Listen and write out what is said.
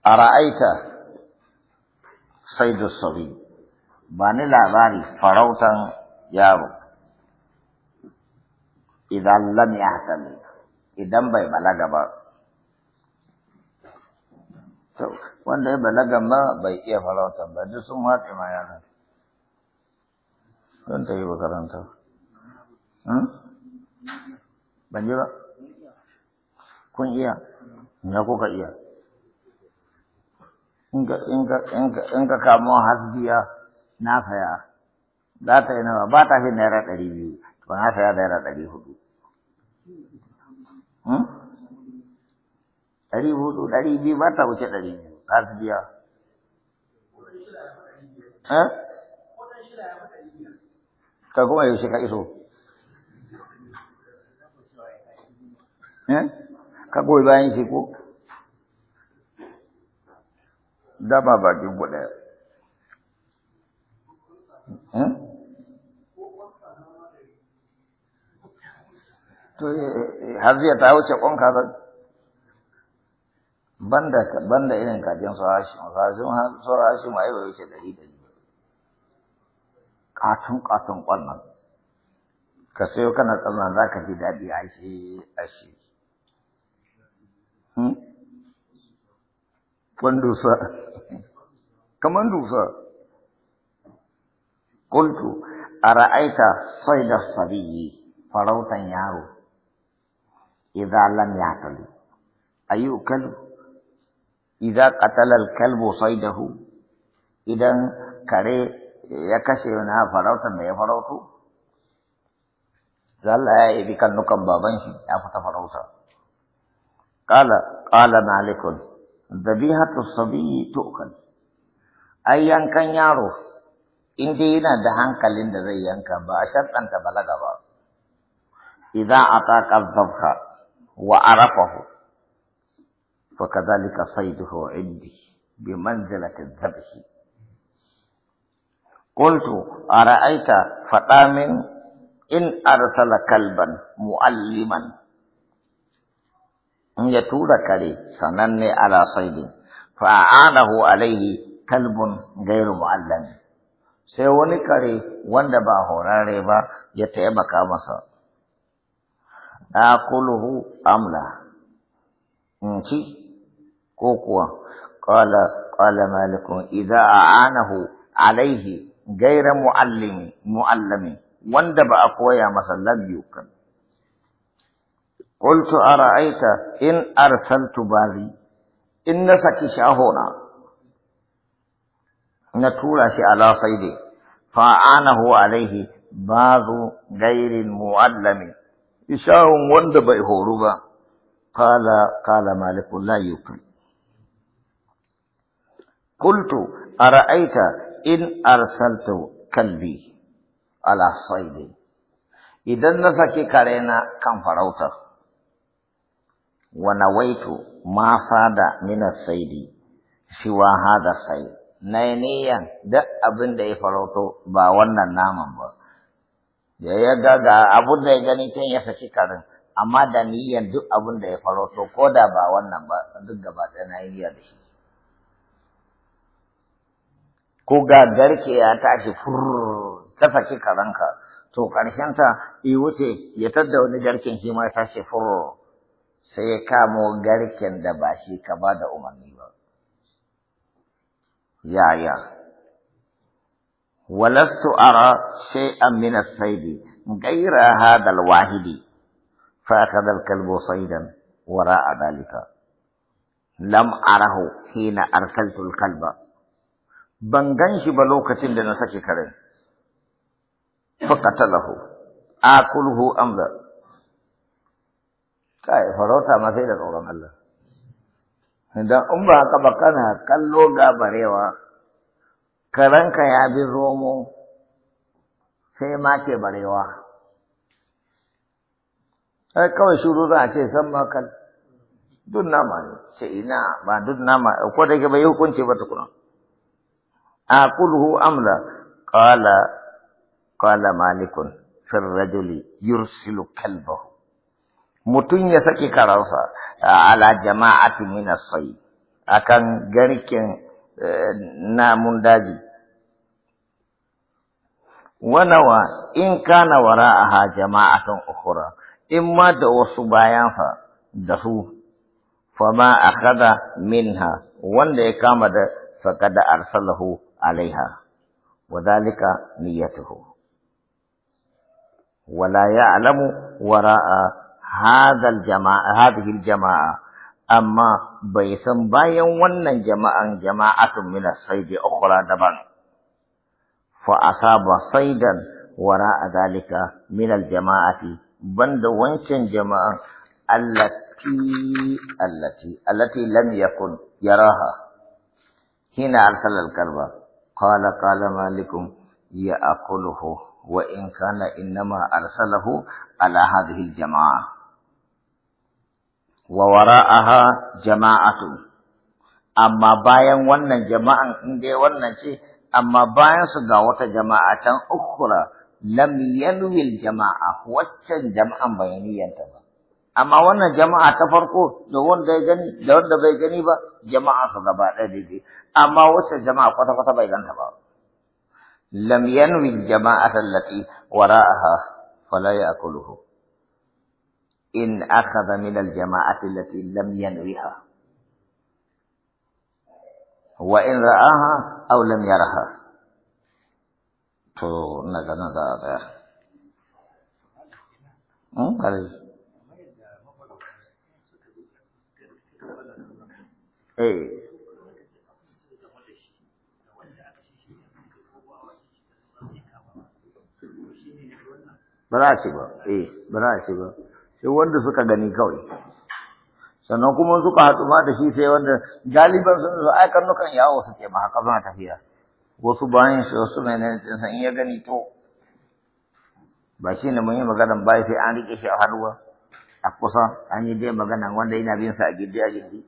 ara'aita da sabi ba ni labari farautan yaro idan lam yahtali idan bai balaga ba to wanda ya balaga ma bai iya farautan ba duk sun watsi ma yana don ta yi makaranta ban ji ba kun iya na kuka iya in ka kamo hasbiya na saya za ta yi nawa ba ta fi naira ɗari biyu ba na saya naira ɗari hudu hmm? ɗari hudu ɗari biyu ba ta wuce ɗari biyu hasbiya eh? ka kuma yaushe ka iso eh? ka goyi bayan shi ko dama bakin ku ɗaya. Eh? To, eh, eh, har zai ta wuce ƙon kazan. Banda, banda irin kajin su hashin, su hashin ma yi wa wuce ɗari ɗari. Ƙatun ƙatun ƙwannan. Ka sayo kana tsannan za ka ji daɗi a shi a shi. Hmm? Wanda sa. kamar dusa. Kuntu, a ra’aita sai da sariye farautan yaro, izalan ya tali, ayu kalu, iza katalar kalbo sai da hu, idan kare ya kashe wani farautan da ya farauto, zalla ya yi baban shi ya ta farauta. Kala, kala malikun, da bihatu sabi ai yankan yaro in dai yana da hankalin da zai yanka ba a sharɗanta balaga ba idza ataqa dhabha wa arafahu fa kadhalika sayduhu indi bi manzilati dhabhi qultu ara'aita min in arsala kalban mualliman in ya tura kare sananne ala saidin fa'anahu alaihi kalbun gairu mu'allam sai wani kare wanda ba horare ba ya taimaka masa aquluhu amla in ci ko kuwa qala qala malikun idza a'anahu alaihi gaira mu'allimi mu'allami wanda ba a koya masa lam yukan qultu ara'aita in arsaltu bari in na saki shahona na tura shi ala fa fa'anahu alaihi bazu gairin mu'allami ishawun wanda bai horu ba kala kala, maliku la yukun qultu ara'aita in arsaltu kalbi ala saide idan na saki kare na kan farautar wa nawaitu ma sada min as-saidi siwa hada saidi na duk abin da ya farauto ba wannan naman ba. Da ya ga ga abin da ya gani can ya saki karin, amma da niyan duk abin da ya farauto ko da ba wannan ba duk gaba ɗaya na niyya da shi. Ko ga garke ya tashi fur ta saki karanka, to ta i wuce ya tadda wani garken shi ma ya tashi fur sai ya kamo garken da ba shi ka ba da umarni ba. يا يا ولست أرى شيئا من الصيد غير هذا الواحد فأخذ الكلب صيدا وراء ذلك لم أره حين أرسلت الكلب بنغنش بلوكة لنسك كره فقتله آكله أمر كاي طيب، فروتا ما سيدة الله Idan in ba haka ba kana kallo ga barewa, karanka ya bi zomo sai ma ke barewa. Sai kawai shuru za a ce san kan duk nama ne, ce ina ba duk nama, ko da ke bai hukunci ba tukuna. A kulhu amla, kala, kala malikun, fir rajuli yursilu kalbahu. mutum ya saki karansa ala jama'ati min sai akan garkin e, namun daji wanawa in kana a jama'atan ukhra in ma da wasu bayansa da su fama akhadha minha wanda ya kama da faqad arsalahu alaiha وذلك wala ya alamu wara'a. هذا الجماعة هذه الجماعة أما بيسم باين ون جماعة جماعة من الصيد أخرى دبا فأصاب صيدا وراء ذلك من الجماعة بند ونشن جماعة التي التي التي لم يكن يراها هنا أرسل الكربة قال قال مالكم يأكله وإن كان إنما أرسله على هذه الجماعة wa wara'aha jama'atu amma bayan wannan jama'an in wannan ce amma bayan su ga wata jama'a can ukhra lam yanwil jama'a waccan jama'an bayaniyanta ba amma wannan jama'a ta farko da wanda ya gani da wanda bai gani ba jama'a su gaba ɗaya daidai amma wata jama'a kwata kwata bai ganta ba lam yanwi jama'atan lati wara'aha fala ya'kuluhu إن أخذ من الجماعة التي لم ينويها وإن رآها أو لم يرها تو نظر نظر آتا ہے ايه براشي بقى ايه براشي بقى sai wanda suka gani kawai sannan kuma suka haɗu ma da shi sai wanda galiban sun zo ai karnukan yawo suke ba haka ba tafiya wasu bayan shi wasu mai nan san ya gani to ba shi ne mun yi maganan bai sai an rike shi a hannuwa a kusa an yi dai magana wanda yana bin sa a gidi a gidi